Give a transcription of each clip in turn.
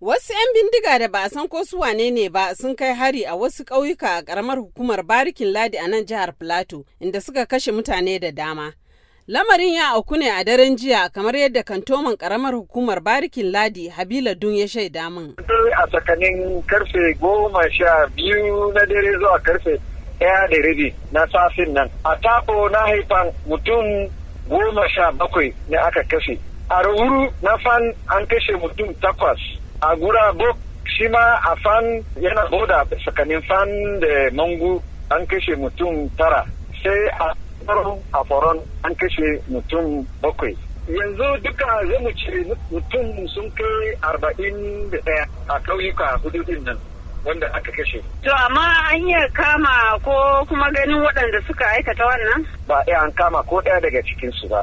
Wasu 'yan bindiga da ba a san ko su wane ne ba sun kai hari a wasu ƙauyuka a ƙaramar hukumar Barikin Ladi a nan jihar Plateau inda suka kashe mutane da dama. Lamarin ya auku ne a daren jiya kamar yadda kantoman ƙaramar hukumar Barikin Ladi Habila Dun ya shaida min. A tsakanin karfe goma sha biyu na dare zuwa karfe ɗaya da rabi na safin nan. A taɓo na haifan mutum goma sha bakwai ne aka kashe. A na fan an kashe mutum takwas. a gura bok shi ma a fan yana boda tsakanin fan da mangu an kashe mutum tara sai a a foron an kashe mutum bakwai yanzu duka zai mu ce mutum sun kai arba'in da ɗaya a ƙauyuka hududin nan wanda aka kashe. To amma an iya kama ko kuma ganin waɗanda suka aikata wannan? Ba iya an kama ko ɗaya daga cikinsu ba.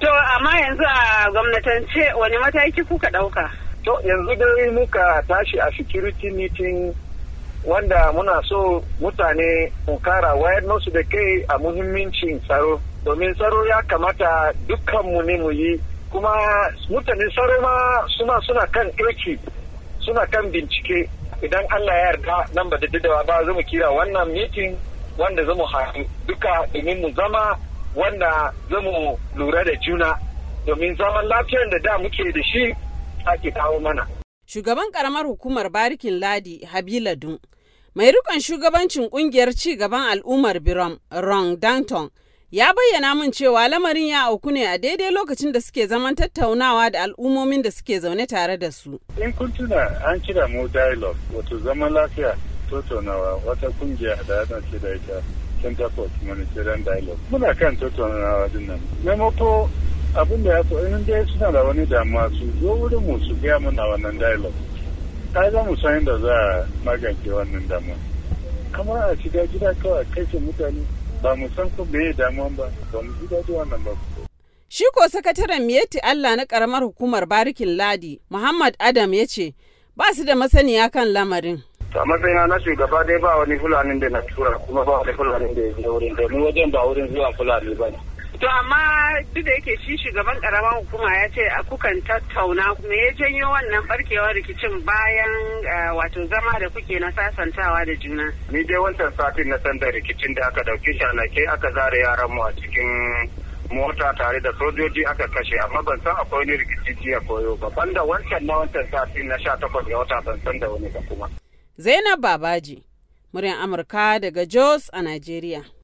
To amma yanzu a gwamnatance wani mataki kuka ɗauka? to yanzu dai muka tashi a security meeting wanda muna so mutane kara wayar nasu da kai a muhimmancin tsaro domin tsaro ya kamata dukkanmu ne mu yi kuma mutane tsaro ma suna suna kan aiki suna kan bincike idan allah ya yarda nan ba da dawa ba za mu kira wannan mitin wanda mu haɗu duka domin mu zama wanda zamu lura da juna domin zaman lafiyar da da muke da shi sake kawo mana. Shugaban karamar hukumar barikin ladi Habila Dun. Mai rikon shugabancin kungiyar ci gaban al'ummar Birom Danton ya bayyana min cewa lamarin ya auku ne a daidai lokacin da suke zaman tattaunawa da al'ummomin da suke zaune tare da su. In kun tuna an kira mu dialogue wato zaman lafiya tattaunawa wata kungiya da ya dace da ita Center for Humanitarian Dialogue. Muna kan tattaunawa din nan. Memoko abin da ya so in dai suna da wani damuwa su zo wurin mu su gaya mana wannan dialogue ta za mu san yadda za a magance wannan damuwa kamar a shiga gida kawai kai ce mutane ba mu san ko me damuwa ba ba mu ji daɗi wannan ba Shi ko sakataren Miyetti Allah na ƙaramar hukumar Barikin Ladi, Muhammad Adam ya ce, ba su da masaniya kan lamarin. a matsayina na shugaba dai ba wani fulanin da na tura kuma ba wani fulanin da ya wurin ni wajen ba wurin zuwa fulani ba ne. To amma duk da yake shi shugaban karamar hukuma ya ce kukan tattauna me ya janyo wannan barkewar rikicin bayan eh, wato zama da kuke na sasantawa da juna. Ni dai wancan satin na sanda rikicin da aka dauki shanake aka zare yaran mu a cikin mota tare da sojoji aka kashe amma ban san akwai wani rikici jiya koyo ba banda wancan na wancan satin na sha takwas ga wata ban san da wani ba kuma. Zainab Babaji, muryar Amurka daga Jos a Najeriya.